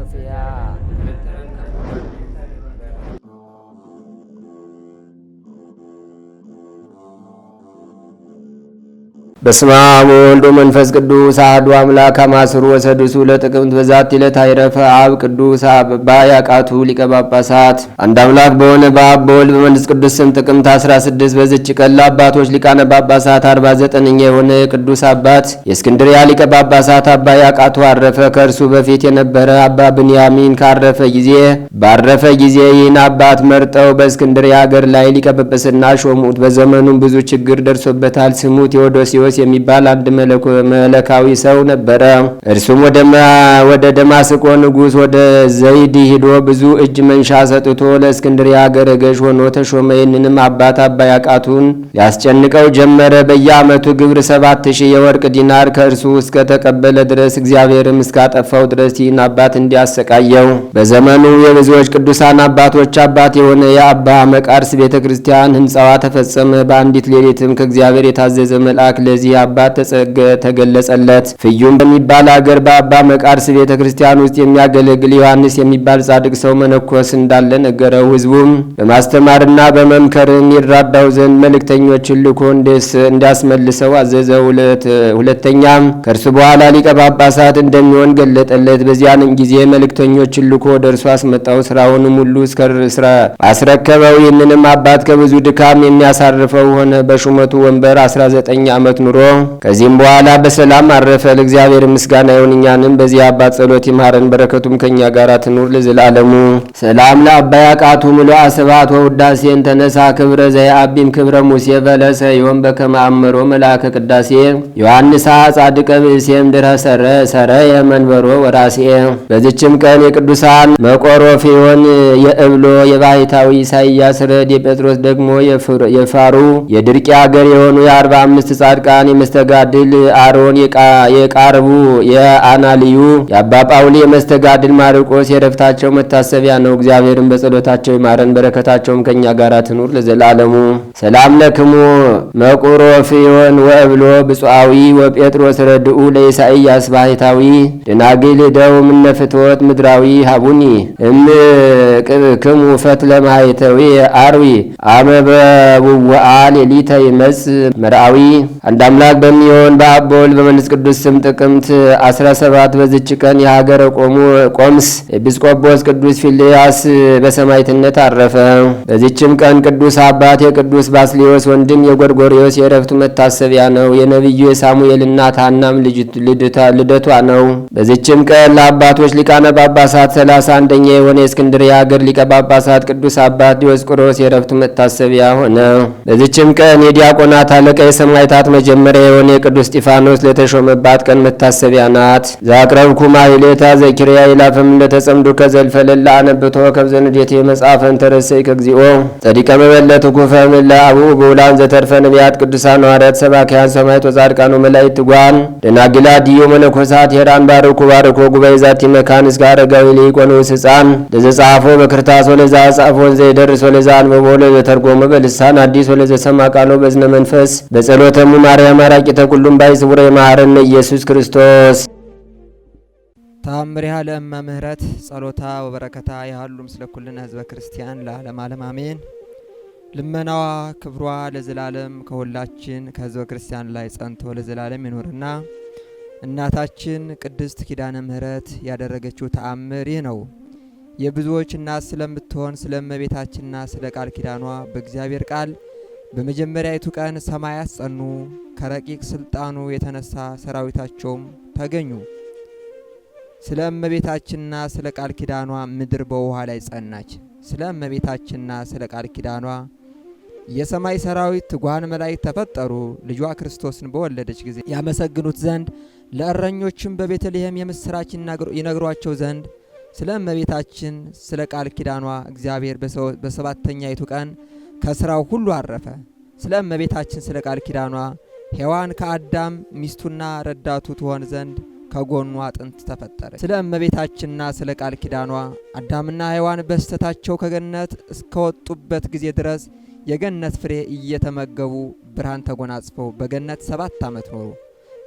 所以啊。በስመ አብ ወወልድ ወመንፈስ ቅዱስ አሐዱ አምላክ አማስሩ ወሰድሱ ለጥቅምት በዛቲ ዕለት አይረፈ አብ ቅዱስ አባ ያቃቱ ሊቀ ጳጳሳት። አንድ አምላክ በሆነ በአብ በወልድ በመንፈስ ቅዱስ ስም ጥቅምት 16 በዝች ቀን ለአባቶች ሊቃነ ጳጳሳት 49ኛ የሆነ የቅዱስ አባት የእስክንድሪያ ሊቀ ጳጳሳት አባ ያቃቱ አረፈ። ከእርሱ በፊት የነበረ አባ ብንያሚን ካረፈ ጊዜ ባረፈ ጊዜ ይህን አባት መርጠው በእስክንድሪያ ሀገር ላይ ሊቀ ጵጵስና ሾሙት። በዘመኑም ብዙ ችግር ደርሶበታል። ስሙ ቴዎዶሲዎስ ጢሞቴዎስ የሚባል አንድ መለካዊ ሰው ነበረ። እርሱም ወደ ደማስቆ ንጉሥ ወደ ዘይድ ሂዶ ብዙ እጅ መንሻ ሰጥቶ ለእስክንድሪያ አገረ ገዥ ሆኖ ተሾመ። ይህንንም አባት አባይ አቃቱን ያስጨንቀው ጀመረ። በየዓመቱ ግብር ሰባት ሺህ የወርቅ ዲናር ከእርሱ እስከ ተቀበለ ድረስ እግዚአብሔርም እስካጠፋው ድረስ ይህን አባት እንዲያሰቃየው በዘመኑ የብዙዎች ቅዱሳን አባቶች አባት የሆነ የአባ መቃርስ ቤተ ክርስቲያን ህንፃዋ ተፈጸመ። በአንዲት ሌሊትም ከእግዚአብሔር የታዘዘ መልአክ ለ የዚህ አባት ተገለጸለት። ፍዩም በሚባል አገር በአባ መቃርስ ቤተ ክርስቲያን ውስጥ የሚያገለግል ዮሐንስ የሚባል ጻድቅ ሰው መነኮስ እንዳለ ነገረው። ህዝቡም በማስተማርና በመምከርም ይራዳው ዘንድ መልእክተኞችን ልኮ እንዲያስመልሰው አዘዘው። ሁለተኛም ከእርሱ በኋላ ሊቀ ጳጳሳት እንደሚሆን ገለጠለት። በዚያን ጊዜ መልእክተኞችን ልኮ ወደ እርሱ አስመጣው፣ ስራውንም ሁሉ አስረከበው። ይህንንም አባት ከብዙ ድካም የሚያሳርፈው ሆነ። በሹመቱ ወንበር 19 ዓመት ኖረ። ጀምሮ ከዚህም በኋላ በሰላም አረፈ። ለእግዚአብሔር ምስጋና ይሁን፣ እኛንም በዚህ አባት ጸሎት ይማረን፣ በረከቱም ከእኛ ጋር ትኑር ለዘላለሙ። ሰላም ለአባይ አቃቱ ሙሉ አስባት ወውዳሴን ተነሳ ክብረ ዘየአቢም ክብረ ሙሴ በለሰ ይሆን በከማአመሮ መልአከ ቅዳሴ ዮሐንስ ጻድቀ ብእሴም ድረ ሰረ ሰረ የመንበሮ ወራሴ። በዚችም ቀን የቅዱሳን መቆሮፌዮን የእብሎ የባይታዊ ኢሳይያስ ረድ የጴጥሮስ ደግሞ የፋሩ የድርቂ አገር የሆኑ የአርባ አምስት ጻድቃ ቅዱሳን የመስተጋድል አሮን የቃርቡ የአናልዩ የአባ ጳውሊ የመስተጋድል ማርቆስ የረፍታቸው መታሰቢያ ነው። እግዚአብሔርን በጸሎታቸው ይማረን፣ በረከታቸውም ከእኛ ጋር ትኑር ለዘላለሙ። ሰላም ለክሙ መቁሮ ፍዮን ወእብሎ ብፁዓዊ ወጴጥሮስ ረድኡ ለኢሳይያስ ባህታዊ ደናግል ደው ምነፍትወት ምድራዊ ሃቡኒ እም ክሙ ፈት ለማይተዊ አርዊ አመበቡዋአ ሌሊተ ይመጽ መርአዊ አንዳ አምላክ በሚሆን በአብ በወልድ በመንፈስ ቅዱስ ስም ጥቅምት 17 በዝች ቀን የሀገረ ቆሙ ቆምስ ኤጲስቆጶስ ቅዱስ ፊልያስ በሰማይትነት አረፈ። በዚችም ቀን ቅዱስ አባት የቅዱስ ባስልዮስ ወንድም የጎርጎርዮስ የእረፍቱ መታሰቢያ ነው። የነቢዩ የሳሙኤል እናት ሐናም ልደቷ ነው። በዚችም ቀን ለአባቶች ሊቃነ ጳጳሳት ሰላሳ አንደኛ የሆነ የእስክንድርያ ሀገር ሊቀ ጳጳሳት ቅዱስ አባት ዲዮስቆሮስ የእረፍቱ መታሰቢያ ሆነ። በዚችም ቀን የዲያቆናት አለቃ የሰማይታት መጀመ መጀመሪያ የሆነ የቅዱስ እስጢፋኖስ ለተሾመባት ቀን መታሰቢያ ናት። ዛቅረብኩ ማሕሌታ ዘኪርያ ይላፈም እንደተጸምዱ ከዘልፈለላ አነብቶ ከብዘንዴት መጽሐፈን ተረሰይ ከግዚኦ ጸዲቀ መበለት ኩፈም ለአቡ ብውላን ዘተርፈ ነቢያት ቅዱሳን ሐዋርያት ሰባኪያን ሰማዕት ወጻድቃኑ መላእክት ትጓን ደናግላ ድዮ መነኮሳት ሄራን ባርኩ ባርኮ ጉባኤ ዛቲ መካን እስከ አረጋዊ ሊቆኖስ ሕፃን ለዘጻፎ በክርታስ ወለዛ ጻፎን ዘይደርስ ወለዛ አንበቦ ለዘተርጎመ በልሳን አዲስ ወለዘሰማ ቃሎ በዝነ መንፈስ በጸሎተሙ ማርያም አማራቂ ተኩሉም ባይ ስውረ የማረነ ኢየሱስ ክርስቶስ ታምሪሃ ለእመ ምህረት ጸሎታ ወበረከታ ያህሉ ምስለ ኩልነ ህዝበ ክርስቲያን ለዓለም ዓለም አሜን። ልመናዋ ክብሯ ለዘላለም ከሁላችን ከህዝበ ክርስቲያን ላይ ጸንቶ ለዘላለም ይኖርና እናታችን ቅድስት ኪዳነ ምህረት ያደረገችው ተአምር ይህ ነው። የብዙዎች እናት ስለምትሆን ስለ እመቤታችንና ስለ ቃል ኪዳኗ በእግዚአብሔር ቃል በመጀመሪያይቱ ቀን ሰማያት ጸኑ፣ ከረቂቅ ስልጣኑ የተነሳ ሰራዊታቸውም ተገኙ። ስለ እመቤታችንና ስለ ቃል ኪዳኗ ምድር በውሃ ላይ ጸናች። ስለ እመቤታችንና ስለ ቃል ኪዳኗ የሰማይ ሰራዊት ትጓን መላእክት ተፈጠሩ። ልጇ ክርስቶስን በወለደች ጊዜ ያመሰግኑት ዘንድ ለእረኞችም በቤተልሔም የምስራች ይነግሯቸው ዘንድ ስለ እመቤታችን ስለ ቃል ኪዳኗ እግዚአብሔር በሰባተኛይቱ ቀን ከስራው ሁሉ አረፈ። ስለ እመቤታችን ስለ ቃል ኪዳኗ ሔዋን ከአዳም ሚስቱና ረዳቱ ትሆን ዘንድ ከጎኑ አጥንት ተፈጠረ። ስለ እመቤታችንና ስለ ቃል ኪዳኗ አዳምና ሔዋን በስተታቸው ከገነት እስከወጡበት ጊዜ ድረስ የገነት ፍሬ እየተመገቡ ብርሃን ተጎናጽፈው በገነት ሰባት ዓመት ኖሩ።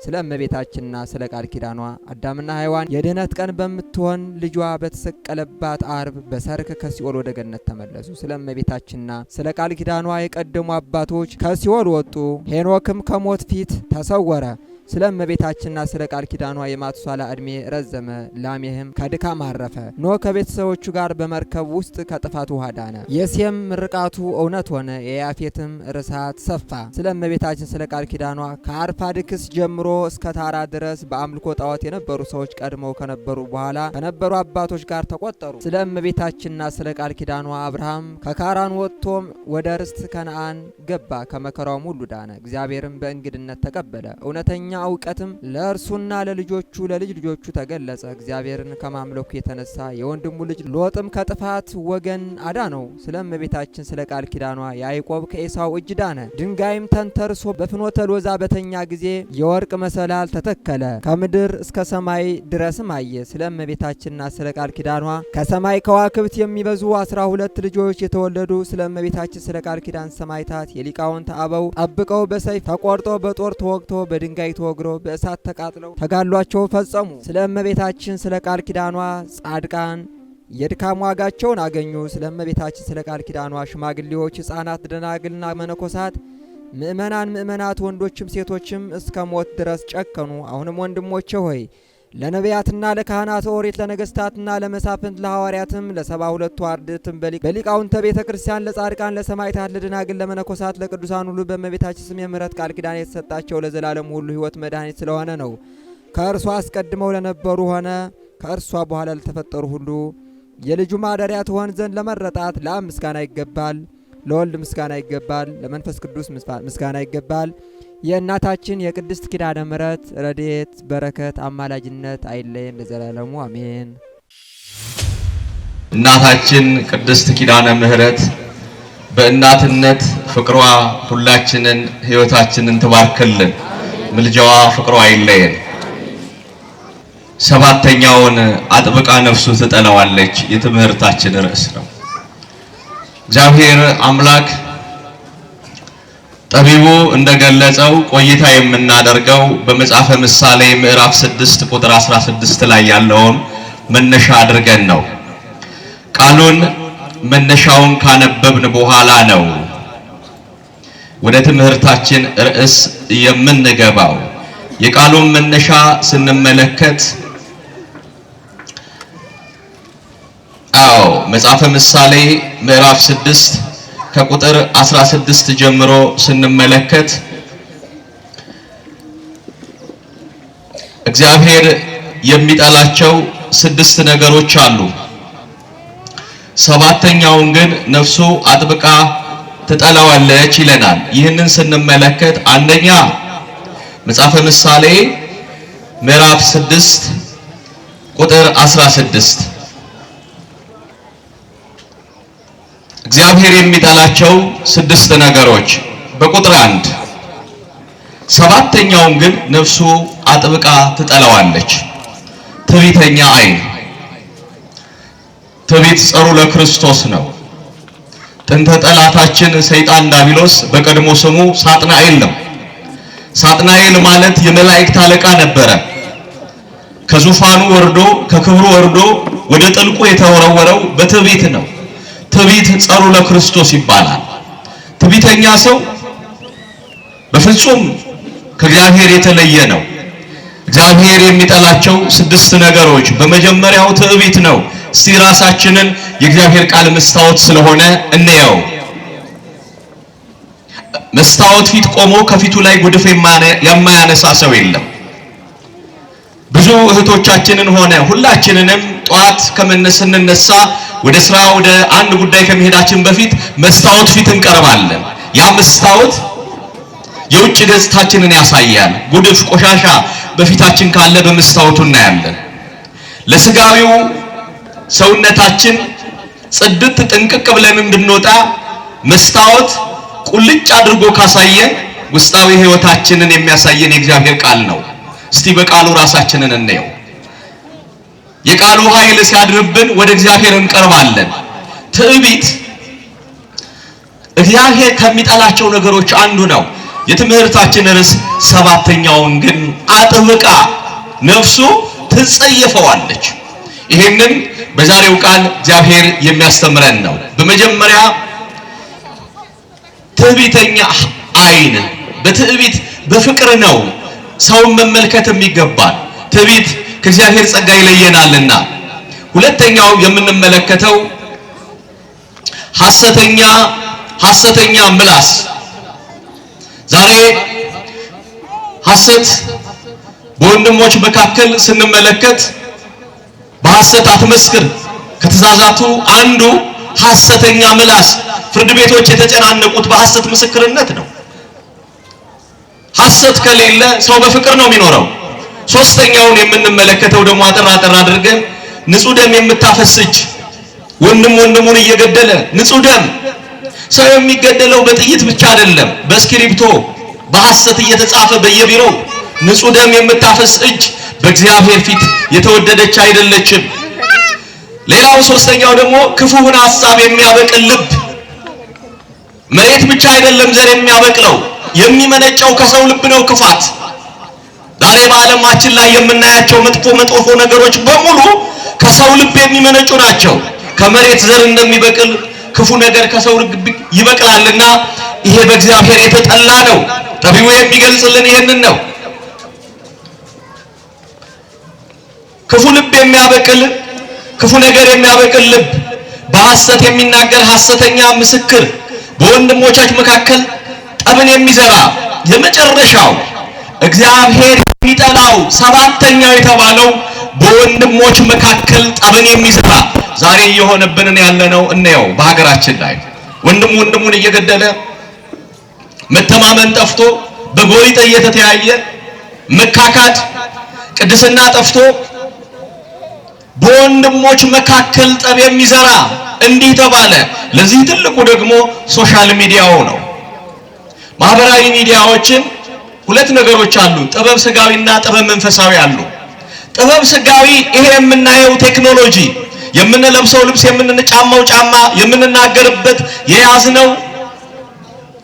ስለ እመቤታችንና ስለ ቃል ኪዳኗ አዳምና ሔዋን የድህነት ቀን በምትሆን ልጇ በተሰቀለባት አርብ በሰርክ ከሲኦል ወደ ገነት ተመለሱ። ስለ እመቤታችንና ስለ ቃል ኪዳኗ የቀደሙ አባቶች ከሲኦል ወጡ። ሄኖክም ከሞት ፊት ተሰወረ። ስለ እመቤታችንና ስለ ቃል ኪዳኗ የማትሷላ ዕድሜ ረዘመ፣ ላሜህም ከድካም አረፈ። ኖ ከቤተሰቦቹ ጋር በመርከብ ውስጥ ከጥፋት ውሃ ዳነ። የሴም ምርቃቱ እውነት ሆነ፣ የያፌትም ርሳት ሰፋ። ስለ እመቤታችን ስለ ቃል ኪዳኗ ከአርፋድክስ ጀምሮ እስከ ታራ ድረስ በአምልኮ ጣዖት የነበሩ ሰዎች ቀድመው ከነበሩ በኋላ ከነበሩ አባቶች ጋር ተቆጠሩ። ስለ እመቤታችንና ስለ ቃል ኪዳኗ አብርሃም ከካራን ወጥቶም ወደ ርስት ከነአን ገባ፣ ከመከራውም ሁሉ ዳነ። እግዚአብሔርም በእንግድነት ተቀበለ። እውነተኛ እውቀትም ለእርሱና ለልጆቹ ለልጅ ልጆቹ ተገለጸ። እግዚአብሔርን ከማምለኩ የተነሳ የወንድሙ ልጅ ሎጥም ከጥፋት ወገን ነው። ስለ እመቤታችን ስለ ቃል ኪዳኗ ያዕቆብ ከኤሳው እጅ ዳነ። ድንጋይም ተንተርሶ በፍኖተ ሎዛ በተኛ ጊዜ የወርቅ መሰላል ተተከለ። ከምድር እስከ ሰማይ ድረስም አየ። ስለ እመቤታችንና ስለ ቃል ኪዳኗ ከሰማይ ከዋክብት የሚበዙ አስራ ሁለት ልጆች የተወለዱ ስለ እመቤታችን ስለ ቃል ኪዳን ሰማይታት የሊቃውንት አበው ጠብቀው በሰይፍ ተቆርጦ በጦር ተወግቶ በድንጋይ ተወግሮ በእሳት ተቃጥለው ተጋሏቸው ፈጸሙ። ስለ እመቤታችን ስለ ቃል ኪዳኗ ጻድቃን የድካም ዋጋቸውን አገኙ። ስለ እመቤታችን ስለ ቃል ኪዳኗ ሽማግሌዎች፣ ሕፃናት፣ ደናግልና መነኮሳት ምእመናን ምእመናት ወንዶችም ሴቶችም እስከ ሞት ድረስ ጨከኑ። አሁንም ወንድሞቼ ሆይ ለነቢያትና ለካህናት ኦሪት ለነገስታትና ለመሳፍንት ለሐዋርያትም ለሰባ ሁለቱ አርድእትም በሊቃውንተ ቤተ ክርስቲያን ለጻድቃን ለሰማዕታት ለደናግል ለመነኮሳት ለቅዱሳን ሁሉ በእመቤታችን ስም የምህረት ቃል ኪዳን የተሰጣቸው ለዘላለም ሁሉ ሕይወት መድኃኒት ስለሆነ ነው። ከእርሷ አስቀድመው ለነበሩ ሆነ ከእርሷ በኋላ ለተፈጠሩ ሁሉ የልጁ ማደሪያ ትሆን ዘንድ ለመረጣት ለአብ ምስጋና ይገባል፣ ለወልድ ምስጋና ይገባል፣ ለመንፈስ ቅዱስ ምስጋና ይገባል። የእናታችን የቅድስት ኪዳነ ምሕረት ረድኤት በረከት አማላጅነት አይለየን ለዘላለሙ አሜን። እናታችን ቅድስት ኪዳነ ምሕረት በእናትነት ፍቅሯ ሁላችንን ሕይወታችንን ትባርክልን። ምልጃዋ ፍቅሯ አይለየን። ሰባተኛውን አጥብቃ ነፍሱ ትጠላዋለች የትምህርታችን ርዕስ ነው። እግዚአብሔር አምላክ ጠቢቡ እንደገለጸው ቆይታ የምናደርገው በመጽሐፈ ምሳሌ ምዕራፍ 6 ቁጥር 16 ላይ ያለውን መነሻ አድርገን ነው። ቃሉን መነሻውን ካነበብን በኋላ ነው ወደ ትምህርታችን ርዕስ የምንገባው። የቃሉን መነሻ ስንመለከት አዎ መጽሐፈ ምሳሌ ምዕራፍ 6 ከቁጥር 16 ጀምሮ ስንመለከት እግዚአብሔር የሚጠላቸው ስድስት ነገሮች አሉ። ሰባተኛውን ግን ነፍሱ አጥብቃ ትጠላዋለች ይለናል። ይህንን ስንመለከት አንደኛ መጽሐፈ ምሳሌ ምዕራፍ 6 ቁጥር 16 እግዚአብሔር የሚጠላቸው ስድስት ነገሮች በቁጥር አንድ ሰባተኛውም ግን ነፍሱ አጥብቃ ትጠላዋለች። ትዕቢተኛ ዓይን። ትዕቢት ጸሩ ለክርስቶስ ነው። ጥንተ ጠላታችን ሰይጣን ዳቢሎስ በቀድሞ ስሙ ሳጥናኤል ነው። ሳጥናኤል ማለት የመላእክት አለቃ ነበረ። ከዙፋኑ ወርዶ ከክብሩ ወርዶ ወደ ጥልቁ የተወረወረው በትዕቢት ነው። ትቢት ጸሩ ለክርስቶስ ይባላል። ትቢተኛ ሰው በፍጹም ከእግዚአብሔር የተለየ ነው። እግዚአብሔር የሚጠላቸው ስድስት ነገሮች በመጀመሪያው ትዕቢት ነው። እስቲ ራሳችንን የእግዚአብሔር ቃል መስታወት ስለሆነ እንየው። መስታወት ፊት ቆሞ ከፊቱ ላይ ጉድፍ የማያነሳ ሰው የለም። ብዙ እህቶቻችንን ሆነ ሁላችንንም ጠዋት ከመነስ ስንነሳ ወደ ስራ ወደ አንድ ጉዳይ ከመሄዳችን በፊት መስታወት ፊት እንቀርባለን። ያ መስታወት የውጭ ገጽታችንን ያሳያል። ጉድፍ፣ ቆሻሻ በፊታችን ካለ በመስታወቱ እናያለን። ለስጋዊው ሰውነታችን ጽድት ጥንቅቅ ብለን እንድንወጣ መስታወት ቁልጭ አድርጎ ካሳየን ውስጣዊ ሕይወታችንን የሚያሳየን የእግዚአብሔር ቃል ነው። እስቲ በቃሉ ራሳችንን እንየው። የቃሉ ኃይል ሲያድርብን ወደ እግዚአብሔር እንቀርባለን። ትዕቢት እግዚአብሔር ከሚጠላቸው ነገሮች አንዱ ነው። የትምህርታችን ርዕስ ሰባተኛውን ግን አጥብቃ ነፍሱ ትጸየፈዋለች። ይህንን በዛሬው ቃል እግዚአብሔር የሚያስተምረን ነው። በመጀመሪያ ትዕቢተኛ አይን፣ በትዕቢት በፍቅር ነው ሰውን መመልከት የሚገባል። ትዕቢት ከእግዚአብሔር ጸጋ ይለየናልና። ሁለተኛው የምንመለከተው ሐሰተኛ ሐሰተኛ ምላስ ዛሬ ሐሰት በወንድሞች መካከል ስንመለከት በሐሰት አትመስክር ከተዛዛቱ አንዱ ሐሰተኛ ምላስ ፍርድ ቤቶች የተጨናነቁት በሐሰት ምስክርነት ነው። ሐሰት ከሌለ ሰው በፍቅር ነው የሚኖረው። ሶስተኛውን የምንመለከተው ደግሞ አጠር አጠር አድርገን ንጹህ ደም እጅ ወንድም ወንድሙን እየገደለ ንጹህ ደም ሰው የሚገደለው በጥይት ብቻ አይደለም፣ በእስክሪብቶ በሐሰት እየተጻፈ በየቢሮ ንጹህ ደም የምታፈስ እጅ በእግዚአብሔር ፊት የተወደደች አይደለችም። ሌላው ሶስተኛው ደግሞ ክፉውን ሐሳብ የሚያበቅል ልብ። መሬት ብቻ አይደለም ዘር የሚያበቅለው የሚመነጨው ከሰው ልብ ነው ክፋት ዛሬ በዓለማችን ላይ የምናያቸው መጥፎ መጥፎ ነገሮች በሙሉ ከሰው ልብ የሚመነጩ ናቸው። ከመሬት ዘር እንደሚበቅል ክፉ ነገር ከሰው ልብ ይበቅላልና ይሄ በእግዚአብሔር የተጠላ ነው። ነቢዩ የሚገልጽልን ይህንን ነው። ክፉ ልብ የሚያበቅል ክፉ ነገር የሚያበቅል ልብ፣ በሐሰት የሚናገር ሐሰተኛ ምስክር፣ በወንድሞቻች መካከል ጠብን የሚዘራ የመጨረሻው እግዚአብሔር ቢጠላው ሰባተኛው የተባለው በወንድሞች መካከል ጠብን የሚዘራ ዛሬ እየሆነብንን ያለነው እንየው። በሀገራችን ላይ ወንድሙ ወንድሙን እየገደለ መተማመን ጠፍቶ በጎሪጥ እየተተያየ መካካድ፣ ቅድስና ጠፍቶ በወንድሞች መካከል ጠብ የሚዘራ እንዲህ ተባለ። ለዚህ ትልቁ ደግሞ ሶሻል ሚዲያው ነው። ማህበራዊ ሚዲያዎችን ሁለት ነገሮች አሉ። ጥበብ ስጋዊና ጥበብ መንፈሳዊ አሉ። ጥበብ ስጋዊ ይሄ የምናየው ቴክኖሎጂ፣ የምንለብሰው ልብስ፣ የምንጫማው ጫማ፣ የምንናገርበት የያዝነው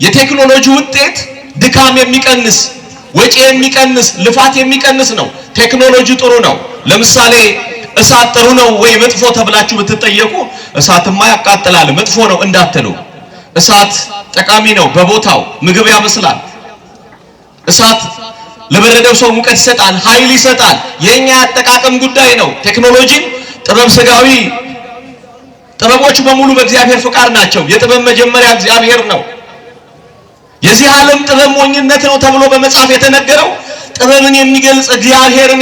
የቴክኖሎጂ ውጤት ድካም የሚቀንስ ወጪ የሚቀንስ ልፋት የሚቀንስ ነው። ቴክኖሎጂ ጥሩ ነው። ለምሳሌ እሳት ጥሩ ነው ወይ መጥፎ ተብላችሁ ብትጠየቁ እሳትማ ያቃጥላል መጥፎ ነው እንዳትሉ። እሳት ጠቃሚ ነው። በቦታው ምግብ ያበስላል። እሳት ለበረደው ሰው ሙቀት ይሰጣል፣ ኃይል ይሰጣል። የኛ አጠቃቀም ጉዳይ ነው። ቴክኖሎጂን ጥበብ፣ ስጋዊ ጥበቦች በሙሉ በእግዚአብሔር ፍቃድ ናቸው። የጥበብ መጀመሪያ እግዚአብሔር ነው። የዚህ ዓለም ጥበብ ሞኝነት ነው ተብሎ በመጽሐፍ የተነገረው ጥበብን የሚገልጽ እግዚአብሔርን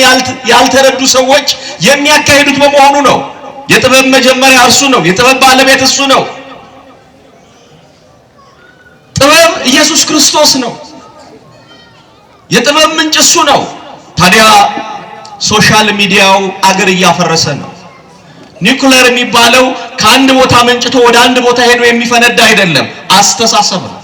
ያልተረዱ ሰዎች የሚያካሂዱት በመሆኑ ነው። የጥበብ መጀመሪያ እርሱ ነው። የጥበብ ባለቤት እሱ ነው። ጥበብ ኢየሱስ ክርስቶስ ነው። የጥበብ ምንጭ እሱ ነው። ታዲያ ሶሻል ሚዲያው አገር እያፈረሰ ነው። ኒኩለር የሚባለው ከአንድ ቦታ መንጭቶ ወደ አንድ ቦታ ሄዶ የሚፈነዳ አይደለም፣ አስተሳሰብ ነው።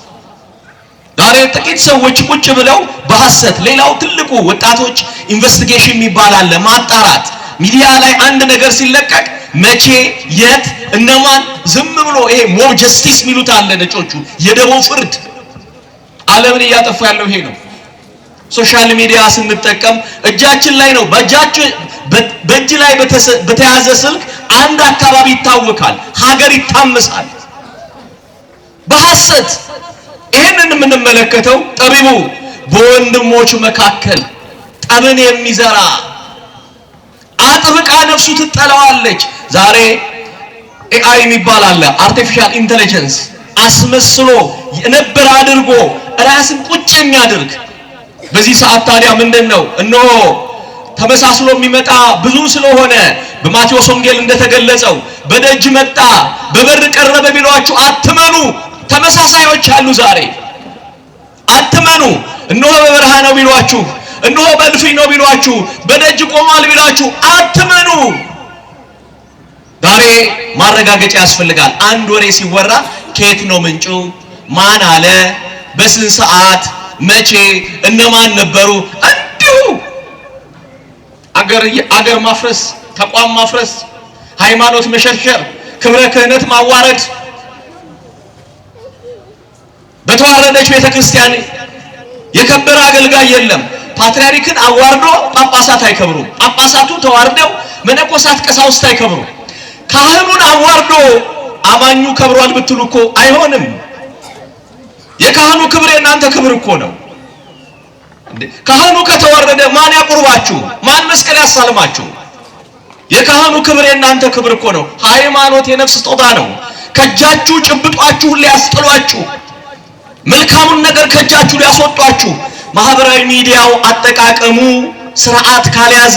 ዛሬ ጥቂት ሰዎች ቁጭ ብለው በሐሰት ሌላው ትልቁ ወጣቶች ኢንቨስቲጌሽን የሚባል አለ፣ ማጣራት ሚዲያ ላይ አንድ ነገር ሲለቀቅ መቼ፣ የት፣ እነማን ዝም ብሎ ይሄ ሞብ ጀስቲስ የሚሉት አለ ነጮቹ የደቦ ፍርድ ዓለምን እያጠፋ ያለው ይሄ ነው። ሶሻል ሚዲያ ስንጠቀም እጃችን ላይ ነው። በእጅ ላይ በተያዘ ስልክ አንድ አካባቢ ይታወካል፣ ሀገር ይታመሳል በሐሰት። ይህንን የምንመለከተው ጠቢቡ በወንድሞች መካከል ጠብን የሚዘራ አጥብቃ ነፍሱ ትጠላዋለች። ዛሬ ኤአይ የሚባል አለ፣ አርቲፊሻል ኢንተለጀንስ አስመስሎ የነበረ አድርጎ ራስን ቁጭ የሚያደርግ በዚህ ሰዓት ታዲያ ምንድን ነው? እነሆ ተመሳስሎ የሚመጣ ብዙ ስለሆነ በማቴዎስ ወንጌል እንደተገለጸው በደጅ መጣ፣ በበር ቀረበ ቢሏችሁ አትመኑ። ተመሳሳዮች አሉ። ዛሬ አትመኑ። እነሆ በበረሃ ነው ቢሏችሁ፣ እነሆ በእልፍኝ ነው ቢሏችሁ፣ በደጅ ቆሟል ቢሏችሁ አትመኑ። ዛሬ ማረጋገጫ ያስፈልጋል። አንድ ወሬ ሲወራ ከየት ነው ምንጩ? ማን አለ? በስንት ሰዓት መቼ እነማን ነበሩ? እንዲሁ አገር ማፍረስ፣ ተቋም ማፍረስ፣ ሃይማኖት መሸርሸር፣ ክብረ ክህነት ማዋረድ፣ በተዋረደች ቤተክርስቲያን የከበረ አገልጋይ የለም። ፓትርያርክን አዋርዶ ጳጳሳት አይከብሩም። ጳጳሳቱ ተዋርደው መነኮሳት፣ ቀሳውስት አይከብሩም። ካህኑን አዋርዶ አማኙ ከብሯል ብትሉ እኮ አይሆንም። የካህኑ ክብር የእናንተ ክብር እኮ ነው። ካህኑ ከተወረደ ማን ያቁርባችሁ? ማን መስቀል ያሳልማችሁ? የካህኑ ክብር የእናንተ ክብር እኮ ነው። ሃይማኖት የነፍስ ስጦታ ነው። ከእጃችሁ ጭብጧችሁ ሊያስጥሏችሁ፣ መልካሙን ነገር ከእጃችሁ ሊያስወጧችሁ፣ ማህበራዊ ሚዲያው አጠቃቀሙ ስርዓት ካልያዘ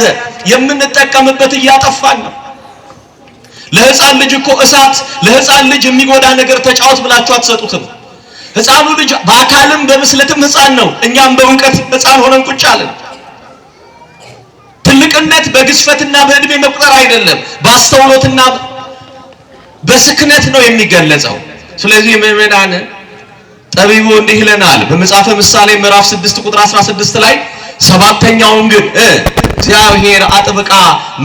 የምንጠቀምበት እያጠፋን ነው። ለህፃን ልጅ እኮ እሳት ለህፃን ልጅ የሚጎዳ ነገር ተጫወት ብላችሁ አትሰጡትም። ህፃኑ ልጅ በአካልም በምስለትም ህፃን ነው። እኛም በእውቀት ህፃን ሆነን ቁጭ አለን። ትልቅነት በግዝፈትና በእድሜ መቁጠር አይደለም፣ በአስተውሎትና በስክነት ነው የሚገለጸው። ስለዚህ ምዕመናን ጠቢቡ እንዲህ ይለናል በመጽሐፈ ምሳሌ ምዕራፍ 6 ቁጥር 16 ላይ ሰባተኛውን ግን እግዚአብሔር አጥብቃ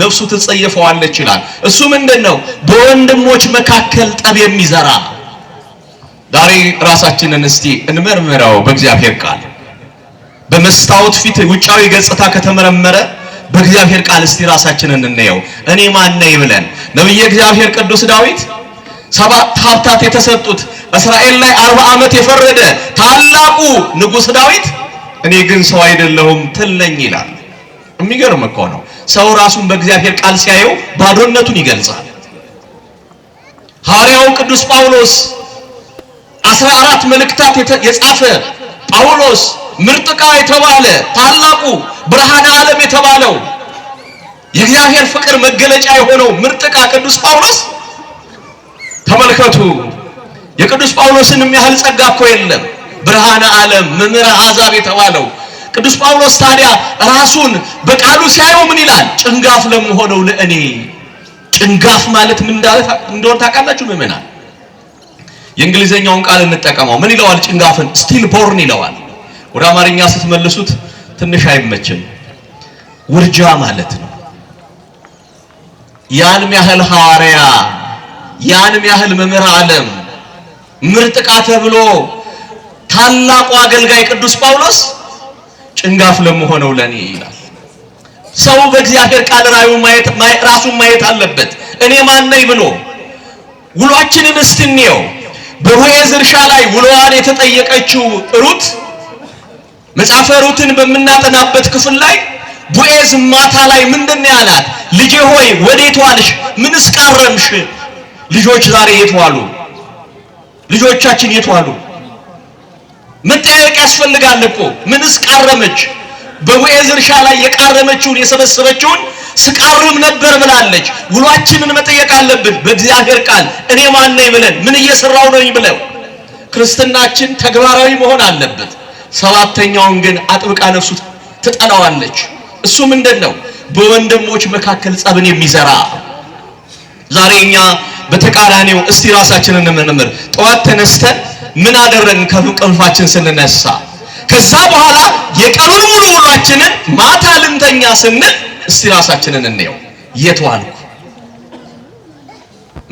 ነፍሱ ትጸየፈዋለች ይላል። እሱ ምንድን ነው? በወንድሞች መካከል ጠብ የሚዘራ ዛሬ ራሳችንን እስቲ እንመርምረው። በእግዚአብሔር ቃል በመስታወት ፊት ውጫዊ ገጽታ ከተመረመረ በእግዚአብሔር ቃል እስቲ ራሳችንን እንየው። እኔ ማን ነኝ ብለን ነብየ እግዚአብሔር ቅዱስ ዳዊት ሰባት ሀብታት የተሰጡት እስራኤል ላይ አርባ ዓመት የፈረደ ታላቁ ንጉሥ ዳዊት እኔ ግን ሰው አይደለሁም ትለኝ ይላል። የሚገርም እኮ ነው። ሰው ራሱን በእግዚአብሔር ቃል ሲያየው ባዶነቱን ይገልጻል። ሐዋርያው ቅዱስ ጳውሎስ አስራ አራት መልእክታት የጻፈ ጳውሎስ ምርጥቃ የተባለ ታላቁ ብርሃነ ዓለም የተባለው የእግዚአብሔር ፍቅር መገለጫ የሆነው ምርጥቃ ቅዱስ ጳውሎስ ተመልከቱ። የቅዱስ ጳውሎስን የሚያህል ጸጋ እኮ የለም። ብርሃነ ዓለም መምህረ አሕዛብ የተባለው ቅዱስ ጳውሎስ ታዲያ ራሱን በቃሉ ሲያየው ምን ይላል? ጭንጋፍ ለምሆነው ለእኔ ጭንጋፍ ማለት ምን እንደሆነ ታውቃላችሁ ምእመናን? የእንግሊዘኛውን ቃል እንጠቀመው። ምን ይለዋል? ጭንጋፍን ስቲል ቦርን ይለዋል። ወደ አማርኛ ስትመልሱት ትንሽ አይመችም። ውርጃ ማለት ነው። ያንም ያህል ሐዋርያ ያንም ያህል መምህር ዓለም ምርጥቃ ተብሎ ታላቁ አገልጋይ ቅዱስ ጳውሎስ ጭንጋፍ ለመሆነው ለኔ ይላል። ሰው በእግዚአብሔር ቃል ራሱን ማየት አለበት። እኔ ማን ነኝ ብሎ ውሏችንን እስቲ እንየው። በቦዔዝ እርሻ ላይ ውሎዋን የተጠየቀችው ሩት መጽሐፈ ሩትን በምናጠናበት ክፍል ላይ ቡኤዝ ማታ ላይ ምንድን ያላት? ልጄ ሆይ ወዴት ዋልሽ? ምንስ ቃረምሽ? ልጆች ዛሬ የት ዋሉ? ልጆቻችን የት ዋሉ? መጠያየቅ ያስፈልጋል እኮ ምንስ ቃረመች? በቡኤዝ እርሻ ላይ የቃረመችውን የሰበሰበችውን ስቃርም ነበር ብላለች። ውሏችንን መጠየቅ አለብን። በእግዚአብሔር ቃል እኔ ማን ነኝ ብለን ምን እየሰራው ነኝ ብለው ክርስትናችን ተግባራዊ መሆን አለበት። ሰባተኛውን ግን አጥብቃ ነፍሱ ትጠላዋለች። እሱ ምንድን ነው? በወንድሞች መካከል ጸብን የሚዘራ ዛሬ እኛ በተቃራኒው እስቲ ራሳችንን እንመርምር። ጠዋት ተነስተን ምን አደረግን? ከእንቅልፋችን ስንነሳ ከዛ በኋላ የቀኑን ሙሉ ውሏችንን ማታ ልንተኛ ስንል እስቲ ራሳችንን እንየው። የት ዋልኩ?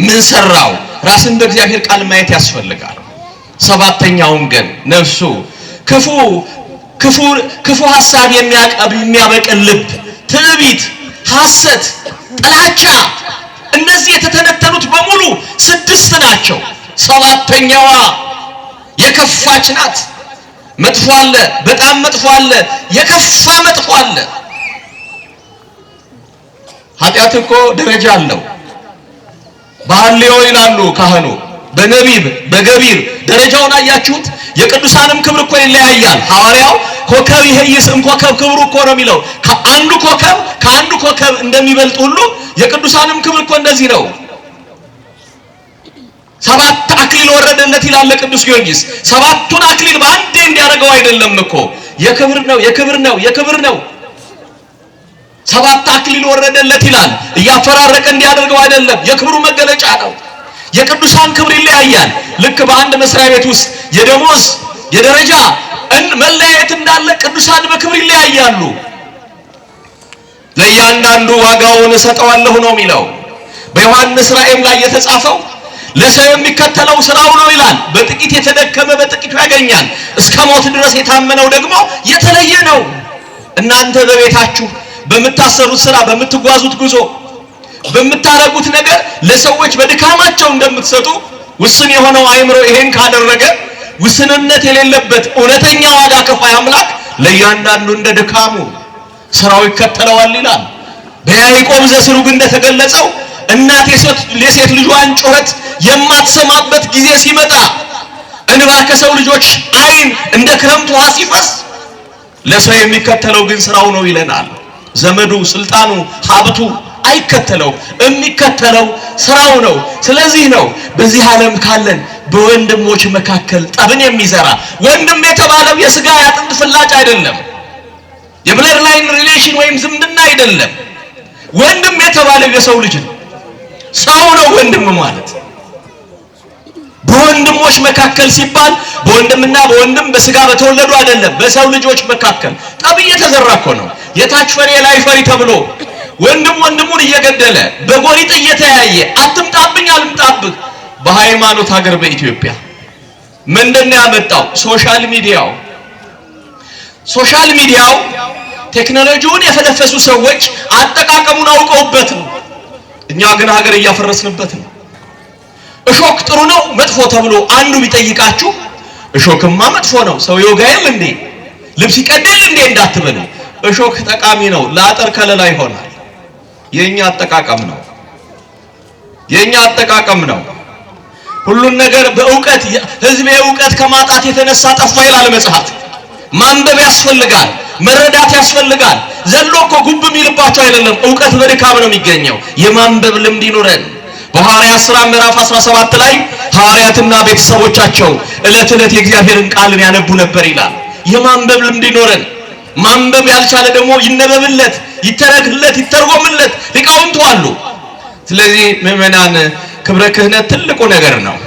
ምን ሰራው? ራስን በእግዚአብሔር ቃል ማየት ያስፈልጋል። ሰባተኛውን ግን ነፍሱ ክፉ ክፉ ክፉ ሐሳብ የሚያቀብ የሚያበቅል ልብ፣ ትዕቢት፣ ሐሰት፣ ጥላቻ እነዚህ የተተነተኑት በሙሉ ስድስት ናቸው። ሰባተኛዋ የከፋች ናት። መጥፎ አለ፣ በጣም መጥፎ አለ፣ የከፋ መጥፎ አለ። ኃጢአት እኮ ደረጃ አለው። ባህልዮ ይላሉ ካህኑ በነቢብ በገቢር ደረጃውን አያችሁት። የቅዱሳንም ክብር እኮ ይለያያል። ሐዋርያው ኮከብ ይሄይስ ኮከብ ክብሩ እኮ ነው የሚለው። ከአንዱ ኮከብ ከአንዱ ኮከብ እንደሚበልጥ ሁሉ የቅዱሳንም ክብር እኮ እንደዚህ ነው። ሰባት አክሊል ወረደለት ይላል ቅዱስ ጊዮርጊስ። ሰባቱን አክሊል በአንድ አይደለም እኮ የክብር ነው፣ የክብር ነው፣ የክብር ነው። ሰባት አክሊል ወረደለት ይላል። እያፈራረቀ እንዲያደርገው አይደለም፣ የክብሩ መገለጫ ነው። የቅዱሳን ክብር ይለያያል። ልክ በአንድ መስሪያ ቤት ውስጥ የደሞዝ የደረጃ መለያየት እንዳለ ቅዱሳን በክብር ይለያያሉ። ለእያንዳንዱ ዋጋውን እሰጠዋለሁ ነው የሚለው በዮሐንስ ራእይም ላይ የተጻፈው ለሰው የሚከተለው ስራው ነው ይላል። በጥቂት የተደከመ በጥቂቱ ያገኛል። እስከ ሞት ድረስ የታመነው ደግሞ የተለየ ነው። እናንተ በቤታችሁ በምታሰሩት ስራ፣ በምትጓዙት ጉዞ፣ በምታረጉት ነገር ለሰዎች በድካማቸው እንደምትሰጡ ውስን የሆነው አእምሮ ይሄን ካደረገ ውስንነት የሌለበት እውነተኛ ዋጋ ከፋይ አምላክ ለእያንዳንዱ እንደ ድካሙ ስራው ይከተለዋል ይላል። በያዕቆብ ዘስሩግ እንደተገለጸው እናት የሴት ልጇን ጩኸት የማትሰማበት ጊዜ ሲመጣ እንባ ከሰው ልጆች አይን እንደ ክረምት ውሃ ሲፈስ ለሰው የሚከተለው ግን ስራው ነው ይለናል። ዘመዱ፣ ስልጣኑ፣ ሀብቱ አይከተለው፣ የሚከተለው ስራው ነው። ስለዚህ ነው በዚህ ዓለም ካለን በወንድሞች መካከል ጠብን የሚዘራ ወንድም የተባለው የስጋ የአጥንት ፍላጭ አይደለም፣ የብለድ ላይን ሪሌሽን ወይም ዝምድና አይደለም። ወንድም የተባለው የሰው ልጅ ነው። ሰው ነው ወንድም ማለት። በወንድሞች መካከል ሲባል በወንድምና በወንድም በስጋ በተወለዱ አይደለም፣ በሰው ልጆች መካከል ጠብ እየተዘራ እኮ ነው። የታች ፈሪ ላይ ፈሪ ተብሎ ወንድም ወንድሙን እየገደለ በጎሪጥ እየተያየ አትምጣብኝ፣ አልምጣብህ በሃይማኖት ሀገር በኢትዮጵያ ምንድነው ያመጣው? ሶሻል ሚዲያው ሶሻል ሚዲያው ቴክኖሎጂውን የፈለፈሱ ሰዎች አጠቃቀሙን አውቀውበት ነው። እኛ ግን ሀገር እያፈረስንበት ነው። እሾክ ጥሩ ነው መጥፎ ተብሎ አንዱ ቢጠይቃችሁ እሾክማ መጥፎ ነው ሰው ይወጋየም እንዴ ልብስ ይቀደል እንዴ እንዳትበል። እሾክ ጠቃሚ ነው፣ ለአጥር ከለላ ይሆናል። የኛ አጠቃቀም ነው የኛ አጠቃቀም ነው። ሁሉን ነገር በእውቀት ህዝብ እውቀት ከማጣት የተነሳ ጠፋ ይላል መጽሐፍ። ማንበብ ያስፈልጋል። መረዳት ያስፈልጋል። ዘሎ እኮ ጉብ የሚልባቸው አይደለም። እውቀት በድካም ነው የሚገኘው። የማንበብ ልምድ ይኑረን። በሐዋርያት ሥራ ምዕራፍ 17 ላይ ሐዋርያትና ቤተሰቦቻቸው ዕለት ዕለት የእግዚአብሔርን ቃልን ያነቡ ነበር ይላል። የማንበብ ልምድ ይኖረን። ማንበብ ያልቻለ ደግሞ ይነበብለት፣ ይተረክለት፣ ይተርጎምለት ሊቃውንቱ አሉ። ስለዚህ ምእመናን ክብረ ክህነት ትልቁ ነገር ነው።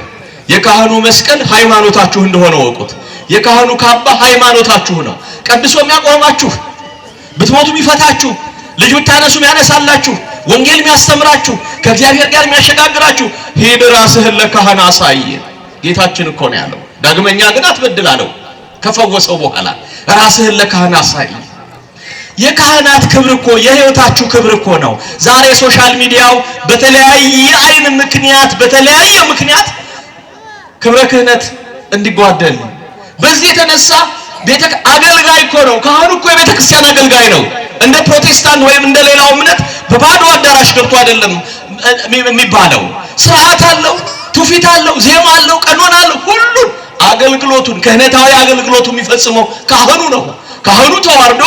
የካህኑ መስቀል ሃይማኖታችሁ እንደሆነ ወቁት። የካህኑ ካባ ሃይማኖታችሁ ነው። ቀድሶ የሚያቆማችሁ ብትሞቱ የሚፈታችሁ ልጅ ብታነሱ የሚያነሳላችሁ ወንጌል የሚያስተምራችሁ ከእግዚአብሔር ጋር የሚያሸጋግራችሁ ሂድ ራስህን ለካህን አሳይ ጌታችን እኮ ነው ያለው። ዳግመኛ ግን አትበድል አለው ከፈወሰው በኋላ ራስህን ለካህን አሳይ። የካህናት ክብር እኮ የህይወታችሁ ክብር እኮ ነው። ዛሬ ሶሻል ሚዲያው በተለያየ አይን ምክንያት በተለያየ ምክንያት ክብረ ክህነት እንዲጓደል በዚህ የተነሳ ቤተ አገልጋይ እኮ ነው ካህኑ እኮ የቤተ ክርስቲያን አገልጋይ ነው። እንደ ፕሮቴስታንት ወይም እንደ ሌላው እምነት በባዶ አዳራሽ ገብቶ አይደለም የሚባለው። ስርዓት አለው፣ ትውፊት አለው፣ ዜማ አለው፣ ቀኖና አለው። ሁሉም አገልግሎቱን ክህነታዊ አገልግሎቱ የሚፈጽመው ካህኑ ነው። ካህኑ ተዋርዶ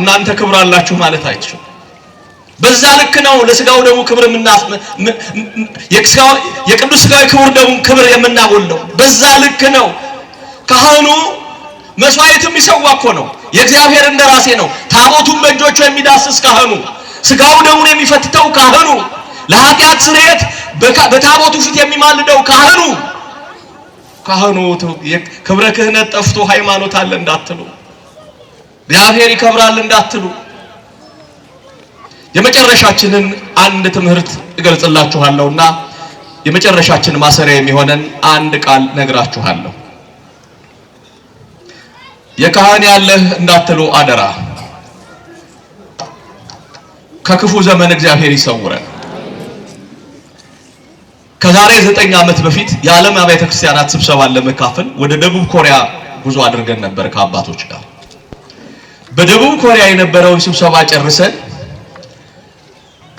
እናንተ ክብር አላችሁ ማለት አይችልም። በዛ ልክ ነው ለስጋው ደግሞ ክብር የምናፍ የቅዱስ ስጋዊ ክቡር ደግሞ ክብር የምናጎለው በዛ ልክ ነው። ካህኑ መስዋዕትም ይሰዋ እኮ ነው። የእግዚአብሔር እንደራሴ ነው። ታቦቱን በእጆቹ የሚዳስስ ካህኑ፣ ስጋው ደሙን የሚፈትተው ካህኑ፣ ለኃጢአት ስርየት በታቦቱ ፊት የሚማልደው ካህኑ ካህኑ ክብረ ክህነት ጠፍቶ ሃይማኖት አለ እንዳትሉ፣ እግዚአብሔር ይከብራል እንዳትሉ፣ የመጨረሻችንን አንድ ትምህርት እገልጽላችኋለሁና የመጨረሻችን ማሰሪያ የሚሆነን አንድ ቃል ነግራችኋለሁ። የካህን ያለህ እንዳትሉ አደራ። ከክፉ ዘመን እግዚአብሔር ይሰውረን። ከዛሬ ዘጠኝ ዓመት በፊት የዓለም አብያተ ክርስቲያናት ስብሰባን ለመካፈል ወደ ደቡብ ኮሪያ ጉዞ አድርገን ነበር ከአባቶች ጋር። በደቡብ ኮሪያ የነበረውን ስብሰባ ጨርሰን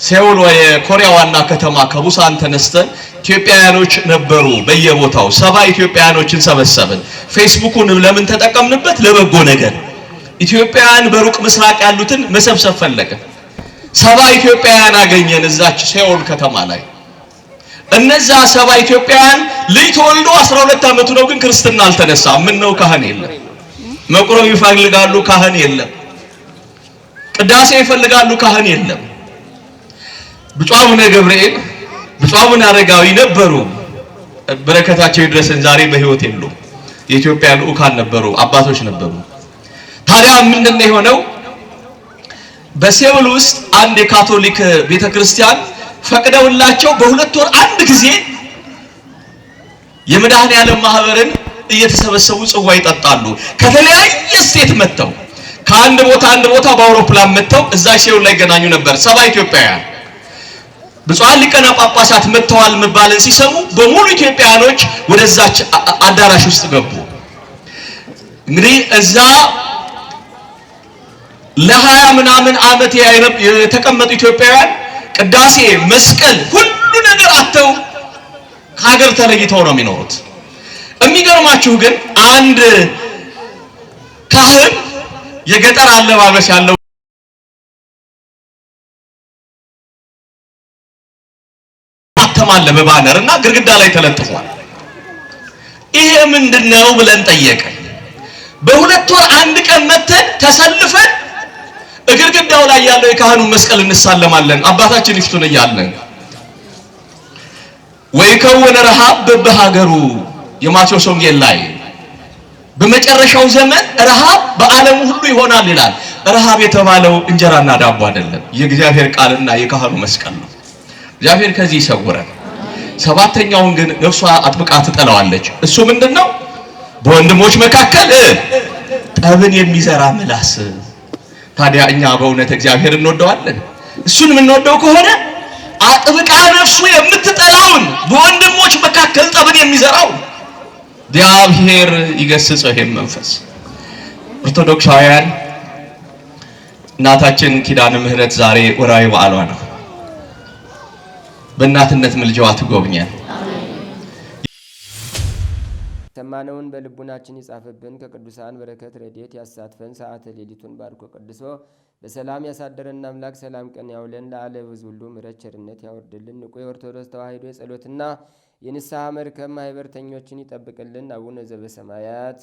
ሴውል የኮሪያ ዋና ከተማ ከቡሳን ተነስተን ኢትዮጵያውያኖች ነበሩ በየቦታው ሰባ ኢትዮጵያውያኖችን ሰበሰብን። ፌስቡኩን ለምን ተጠቀምንበት? ለበጎ ነገር። ኢትዮጵያውያን በሩቅ ምስራቅ ያሉትን መሰብሰብ ፈለግን። ሰባ ኢትዮጵያውያን አገኘን እዛች ሴውል ከተማ ላይ። እነዛ ሰባ ኢትዮጵያውያን ልጅ ተወልዶ 12 ዓመቱ ነው፣ ግን ክርስትና አልተነሳ። ምን ነው ካህን የለም፣ መቁረብ ይፈልጋሉ፣ ካህን የለም፣ ቅዳሴ ይፈልጋሉ፣ ካህን የለም። ብፁዕ አቡነ ገብርኤል ብፁዕ አቡነ አረጋዊ ነበሩ። በረከታቸው ይድረሰን። ዛሬ በህይወት የሉም። የኢትዮጵያ ልዑካን ነበሩ፣ አባቶች ነበሩ። ታዲያ ምንድነው የሆነው? በሴውል ውስጥ አንድ የካቶሊክ ቤተክርስቲያን ፈቅደውላቸው በሁለት ወር አንድ ጊዜ የመድኃኔ ዓለም ማህበርን እየተሰበሰቡ ጽዋ ይጠጣሉ። ከተለያየ ስቴት መጥተው ከአንድ ቦታ አንድ ቦታ በአውሮፕላን መጥተው እዛ ሴውል ላይ ገናኙ ነበር ሰባ ኢትዮጵያውያን ብፁዓን ሊቃነ ጳጳሳት መጥተዋል መባልን ሲሰሙ በሙሉ ኢትዮጵያኖች ወደዛች አዳራሽ ውስጥ ገቡ። እንግዲህ እዛ ለሀያ ምናምን ዓመት የተቀመጡ ኢትዮጵያውያን ቅዳሴ፣ መስቀል፣ ሁሉ ነገር አተው ከሀገር ተለይተው ነው የሚኖሩት። የሚገርማችሁ ግን አንድ ካህን የገጠር አለባበስ ያለው አለ በባነር እና ግድግዳ ላይ ተለጥፏል። ይሄ ምንድነው ብለን ጠየቀ። በሁለት ወር አንድ ቀን መተን ተሰልፈን ግድግዳው ላይ ያለው የካህኑን መስቀል እንሳለማለን። አባታችን ይፍቱን እያለን ወይ ከወነ ረሃብ በሀገሩ የማቴዎስ ወንጌል ላይ በመጨረሻው ዘመን ረሃብ በዓለም ሁሉ ይሆናል ይላል። ረሃብ የተባለው እንጀራና ዳቦ አይደለም፣ የእግዚአብሔር ቃልና የካህኑ መስቀል ነው። እግዚአብሔር ከዚህ ይሰውረን። ሰባተኛውን ግን እርሷ አጥብቃ ትጠላዋለች። እሱ ምንድን ነው? በወንድሞች መካከል ጠብን የሚዘራ ምላስ። ታዲያ እኛ በእውነት እግዚአብሔር እንወደዋለን? እሱን የምንወደው ከሆነ አጥብቃ ነፍሱ የምትጠላውን በወንድሞች መካከል ጠብን የሚዘራው እግዚአብሔር ይገስጸው። ይሄን መንፈስ ኦርቶዶክሳውያን እናታችን ኪዳነ ምሕረት ዛሬ ወራዊ በዓሏ ነው። በእናትነት ምልጃዋ ትጎብኘን። ሰማነውን በልቡናችን ይጻፍብን፣ ከቅዱሳን በረከት ረድኤት ያሳትፈን። ሰዓተ ሌሊቱን ባርኮ ቀድሶ በሰላም ያሳደረን አምላክ ሰላም ቀን ያውለን። ለዓለም ብዙ ሁሉ ምሕረት ቸርነት ያወርድልን። ንቁ የኦርቶዶክስ ተዋሕዶ የጸሎትና የንስሐ መርከብ ማህበርተኞችን ይጠብቅልን። አቡነ ዘበሰማያት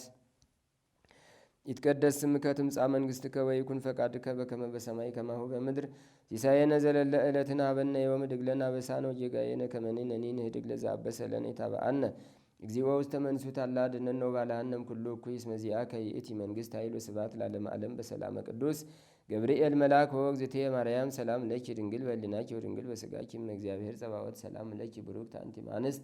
ይትቀደስ ስምከ ትምጻእ መንግሥትከ ወይኩን ፈቃድከ በከመ በሰማይ ከማሁ በምድር ሲሳየነ ዘለለ ዕለትን ሀበነ የወም ድግለና በሳነ ወጌጋየነ ከመኔን እኔን ህድግ ለዛ አበሰለን የታበአነ እግዚኦ ውስተ መንሱት አላ ድነኖ ነው ኩሉ እኩይ እስመ ከይእቲ መንግስት መንግሥት ኃይሉ ስብሐት ላለም ዓለም በሰላመ ቅዱስ ገብርኤል መልአክ ወእግዝእትየ ማርያም ሰላም ለኪ ድንግል በሊናኪ ወድንግል በስጋኪ እም እግዚአብሔር ጸባዖት ሰላም ለኪ ብሩክ አንቲ እምአንስት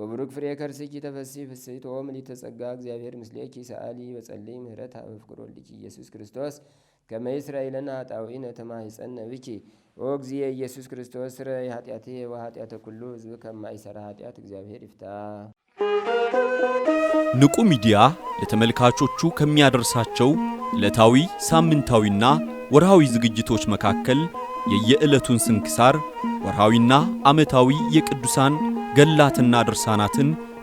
ወብሩክ ፍሬ ከርስኪ ተፈሲ ፍሥሕት ኦ ጸጋ እግዚአብሔር ምስሌኪ ሰአሊ በጸልይ ምህረት ፍቅር ወልድኪ ኢየሱስ ክርስቶስ ከመ እስራኤልና ኃጣውኢነ ተማሂፀነ ብኪ ኦግዚየ ኢየሱስ ክርስቶስ ስረ ኃጢአቴ ወኃጢአተ ኩሉ ህዝብ ከማይሰራ ኃጢአት እግዚአብሔር ይፍታ። ንቁ ሚዲያ ለተመልካቾቹ ከሚያደርሳቸው ዕለታዊ ሳምንታዊና ወርሃዊ ዝግጅቶች መካከል የየዕለቱን ስንክሳር ወርሃዊና ዓመታዊ የቅዱሳን ገላትና ድርሳናትን